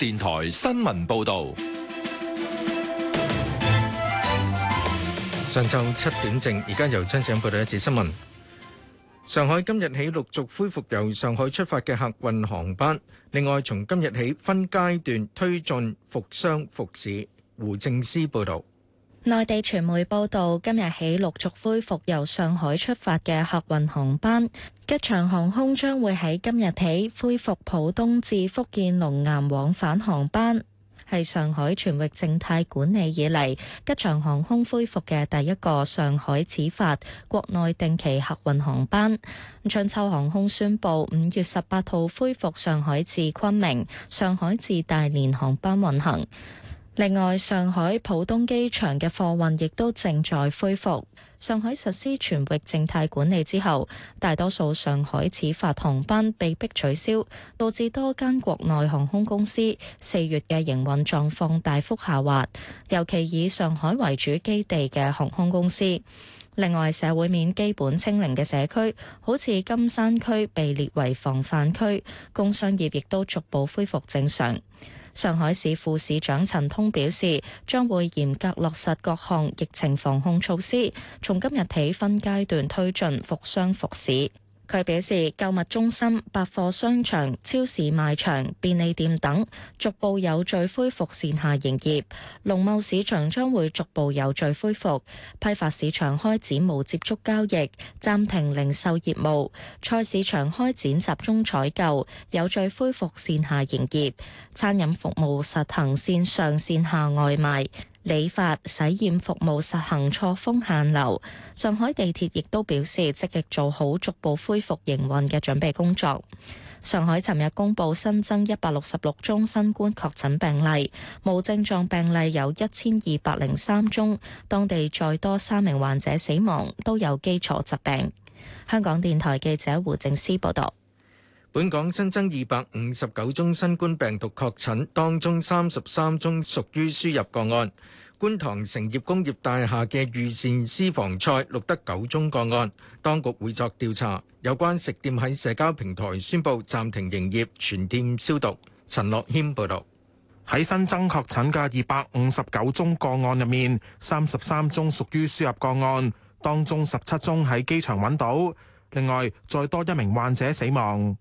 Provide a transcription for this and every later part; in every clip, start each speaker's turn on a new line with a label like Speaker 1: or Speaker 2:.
Speaker 1: 電台新聞報道：上晝七點正，而家由張子欣報道一次新聞。上海今日起陸續恢復由上海出發嘅客運航班，另外從今日起分階段推進復商復市。胡正思報道。
Speaker 2: 內地傳媒報道，今日起陸續恢復由上海出發嘅客運航班。吉祥航空將會喺今日起恢復浦東至福建龍岩往返航班，係上海全域靜態管理以嚟，吉祥航空恢復嘅第一個上海始發國內定期客運航班。春秋航空宣布，五月十八號恢復上海至昆明、上海至大連航班運行。另外，上海浦東機場嘅貨運亦都正在恢復。上海實施全域靜態管理之後，大多數上海始發航班被迫取消，導致多間國內航空公司四月嘅營運狀況大幅下滑，尤其以上海為主基地嘅航空公司。另外，社會面基本清零嘅社區，好似金山區被列為防範區，工商業亦都逐步恢復正常。上海市副市長陳通表示，將會嚴格落實各項疫情防控措施，從今日起分階段推進複商複市。佢表示，購物中心、百貨商場、超市、賣場、便利店等逐步有序恢復線下營業，農貿市場將會逐步有序恢復，批發市場開展無接觸交易，暫停零售業務，菜市場開展集中採購，有序恢復線下營業，餐飲服務實行線上線下外賣。理髮、洗染服務實行錯峰限流。上海地鐵亦都表示，積極做好逐步恢復營運嘅準備工作。上海尋日公布新增一百六十六宗新冠確診病例，無症狀病例有一千二百零三宗。當地再多三名患者死亡，都有基礎疾病。香港電台記者胡靜思報道。
Speaker 1: 本港新增二百五十九宗新冠病毒確診，當中三十三宗屬於輸入個案。觀塘成業工業大廈嘅裕膳私房菜錄得九宗個案，當局會作調查。有關食店喺社交平台宣布暫停營業，全店消毒。陳樂謙報道。
Speaker 3: 喺新增確診嘅二百五十九宗個案入面，三十三宗屬於輸入個案，當中十七宗喺機場揾到。另外，再多一名患者死亡。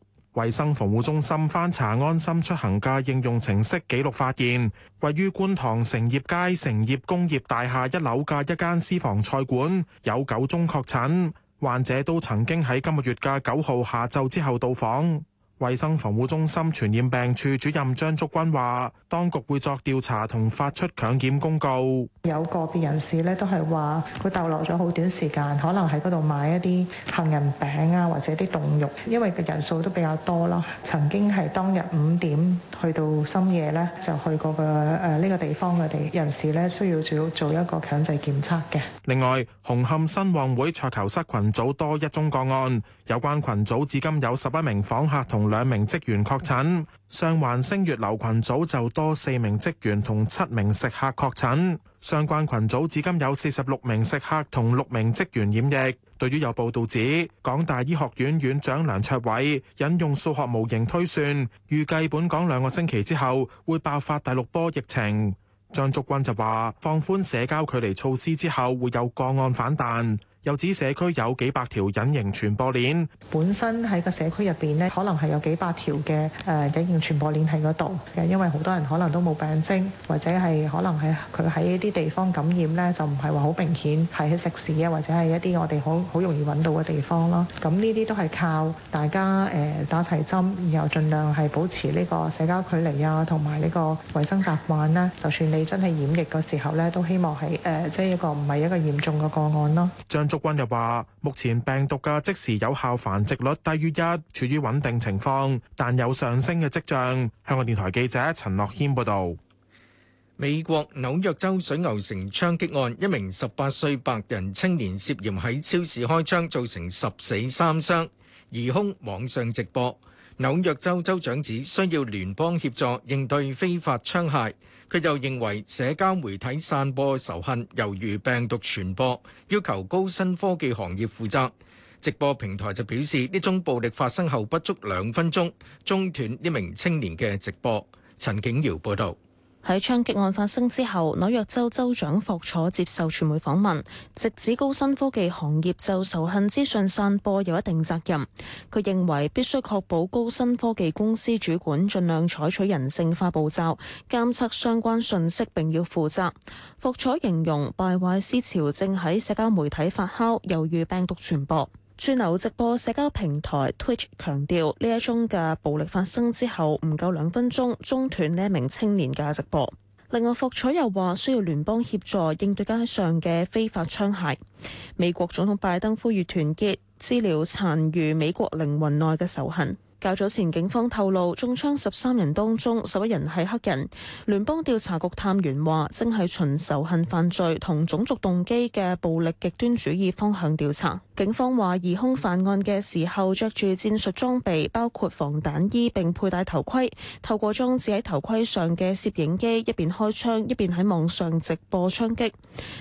Speaker 3: 衛生防護中心翻查安心出行嘅應用程式記錄，發現位於觀塘成業街成業工業大廈一樓嘅一間私房菜館有九宗確診，患者都曾經喺今個月嘅九號下晝之後到訪。衛生防護中心傳染病處主任張竹君話，當局會作調查同發出強檢公告。
Speaker 4: 有個別人士咧都係話佢逗留咗好短時間，可能喺嗰度買一啲杏仁餅啊，或者啲凍肉，因為嘅人數都比較多啦。曾經係當日五點去到深夜咧，就去過個誒呢個地方嘅地人士咧，需要做做一個強制檢測嘅。
Speaker 3: 另外，紅磡新旺會桌球室群組多一宗個案，有關群組至今有十一名訪客同兩名職員確診，上環星月樓群組就多四名職員同七名食客確診，相關群組至今有四十六名食客同六名職員染疫。對於有報道指港大醫學院院長梁卓偉引用數學模型推算，預計本港兩個星期之後會爆發第六波疫情，張竹君就話放寬社交距離措施之後會有個案反彈。又指社區有幾百條隱形傳播鏈，本身
Speaker 4: 喺個社區入邊呢，可能係有幾百條嘅誒隱形傳播鏈喺嗰度。因為好多人可能都冇病徵，或者係可能係佢喺一啲地方感染呢，就唔係話好明顯，喺食肆啊，或者係一啲我哋好好容易揾到嘅地方咯。咁呢啲都係靠大家誒、呃、打齊針，然後儘量係保持呢個社交距離啊，同埋呢個衞生習慣呢。就算你真係染疫嘅時候呢，都希望係誒即係一個唔係一個嚴重嘅個案咯。
Speaker 3: 祝君又話：目前病毒嘅即時有效繁殖率低於一，處於穩定情況，但有上升嘅跡象。香港電台記者陳樂軒報導。美國紐約州水牛城槍擊案，一名十八
Speaker 1: 歲白人青年涉嫌喺超市開槍，造成十死三傷，疑兇網上直播。紐約州州長指需要聯邦協助應對非法槍械，佢又認為社交媒體散播仇恨猶如病毒傳播，要求高新科技行業負責。直播平台就表示，呢宗暴力發生後不足兩分鐘，中斷一名青年嘅直播。陳景瑤報道。
Speaker 4: 喺槍擊案發生之後，紐約州州長霍楚接受傳媒訪問，直指高新科技行業就仇恨資訊散播有一定責任。佢認為必須確保高新科技公司主管盡量採取人性化步驟，監測相關信息並要負責。霍楚形容，敗壞思潮正喺社交媒體發酵，猶如病毒傳播。串流直播社交平台 Twitch 強調，呢一宗嘅暴力發生之後唔夠兩分鐘，中斷呢一名青年嘅直播。另外，霍彩又話需要聯邦協助應對街上嘅非法槍械。美國總統拜登呼籲團結，治療殘餘美國靈魂內嘅仇恨。較早前警方透露，中槍十三人當中十一人係黑人。聯邦調查局探員話，正係循仇恨犯罪同種族動機嘅暴力極端主義方向調查。警方話，疑兇犯案嘅時候着住戰術裝備，包括防彈衣並佩戴頭盔，透過裝置喺頭盔上嘅攝影機，一邊開槍一邊喺網上直播槍擊。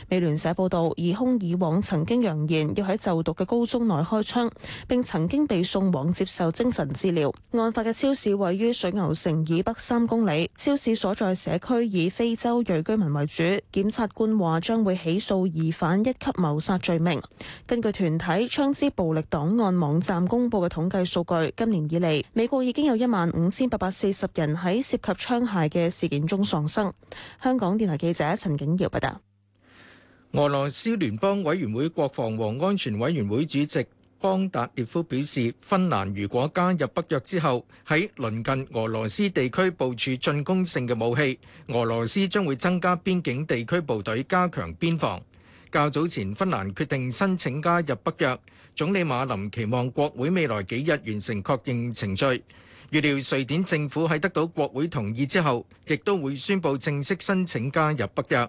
Speaker 4: 美聯社報導，疑兇以往曾經揚言要喺就讀嘅高中內開槍，並曾經被送往接受精神治治療。案發嘅超市位於水牛城以北三公里，超市所在社區以非洲裔居民為主。檢察官話將會起訴疑犯一級謀殺罪名。根據團體槍支暴力檔案網站公布嘅統計數據，今年以嚟美國已經有一萬五千八百四十人喺涉及槍械嘅事件中喪生。香港電台記者陳景堯報道。
Speaker 1: 俄羅斯聯邦委員會國防和安全委員會主席，邦達列夫表示，芬蘭如果加入北約之後，喺鄰近俄羅斯地區部署進攻性嘅武器，俄羅斯將會增加邊境地區部隊加強邊防。較早前，芬蘭決定申請加入北約，總理馬林期望國會未來幾日完成確認程序。預料瑞典政府喺得到國會同意之後，亦都會宣布正式申請加入北約。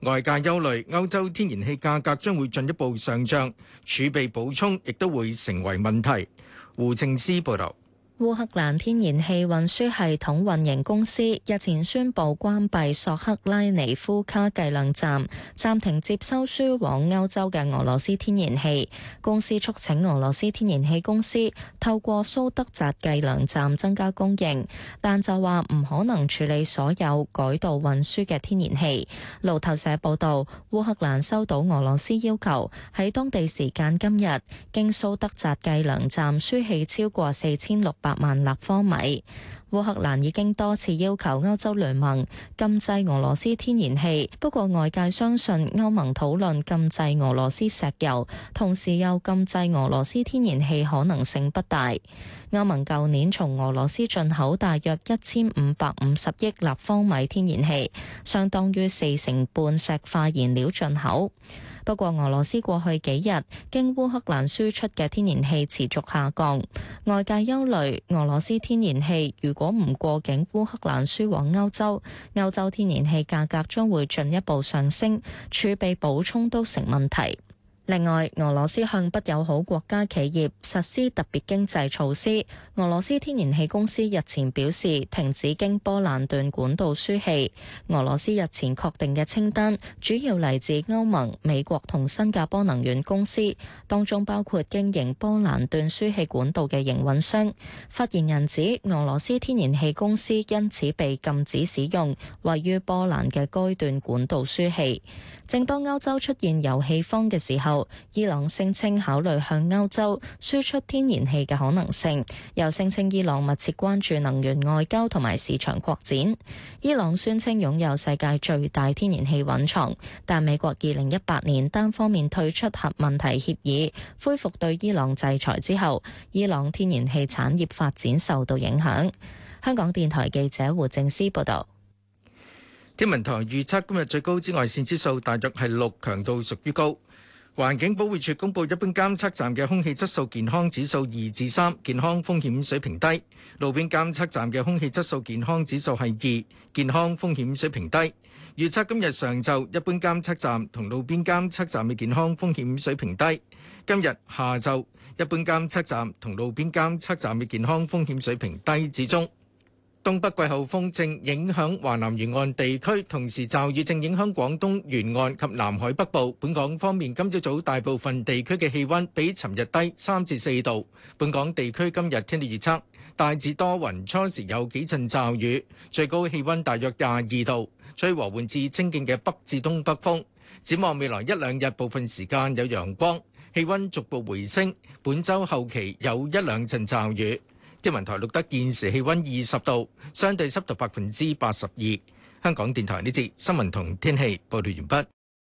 Speaker 1: 外界憂慮，歐洲天然氣價格將會進一步上漲，儲備補充亦都會成為問題。胡正思報道。
Speaker 2: 烏克蘭天然氣運輸系統運營公司日前宣布關閉索克拉尼夫卡計量站，暫停接收輸往歐洲嘅俄羅斯天然氣。公司促請俄羅斯天然氣公司透過蘇德扎計量站增加供應，但就話唔可能處理所有改道運輸嘅天然氣。路透社報道，烏克蘭收到俄羅斯要求喺當地時間今日經蘇德扎計量站輸氣超過四千六百。八萬立方米。烏克蘭已經多次要求歐洲聯盟禁制俄羅斯天然氣，不過外界相信歐盟討論禁制俄羅斯石油，同時又禁制俄羅斯天然氣可能性不大。歐盟舊年從俄羅斯進口大約一千五百五十億立方米天然氣，相當於四成半石化燃料進口。不過俄羅斯過去幾日經烏克蘭輸出嘅天然氣持續下降，外界憂慮俄羅斯天然氣如果如果唔過境烏克蘭輸往歐洲，歐洲天然氣價格將會進一步上升，儲備補充都成問題。另外，俄羅斯向不友好國家企業實施特別經濟措施。俄羅斯天然氣公司日前表示，停止經波蘭段管道輸氣。俄羅斯日前確定嘅清單，主要嚟自歐盟、美國同新加坡能源公司，當中包括經營波蘭段輸氣管道嘅營運商。發言人指，俄羅斯天然氣公司因此被禁止使用位於波蘭嘅該段管道輸氣。正當歐洲出現油氣荒嘅時候，伊朗聲稱考慮向歐洲輸出天然氣嘅可能性，又聲稱伊朗密切關注能源外交同埋市場擴展。伊朗宣稱擁有世界最大天然氣蘊藏，但美國二零一八年單方面退出核問題協議，恢復對伊朗制裁之後，伊朗天然氣產業發展受到影響。香港電台記者胡正思報道。
Speaker 1: 天文台預測今日最高紫外線指數大約係六，強度屬於高。環境保護署公布，一般監測站嘅空氣質素健康指數二至三，3，健康風險水平低；路邊監測站嘅空氣質素健康指數係二，健康風險水平低。預測今日上晝，一般監測站同路邊監測站嘅健康風險水平低；今日下晝，一般監測站同路邊監測站嘅健康風險水平低至中。東北季候風正影響華南沿岸地區，同時驟雨正影響廣東沿岸及南海北部。本港方面，今朝早大部分地區嘅氣温比尋日低三至四度。本港地區今日天氣預測大致多雲，初時有幾陣驟雨，最高氣温大約廿二度，吹和緩至清勁嘅北至東北風。展望未來一兩日，部分時間有陽光，氣温逐步回升。本週後期有一兩陣驟雨。天文台錄得現時氣溫二十度，相對濕度百分之八十二。香港電台呢節新聞同天氣報道完畢。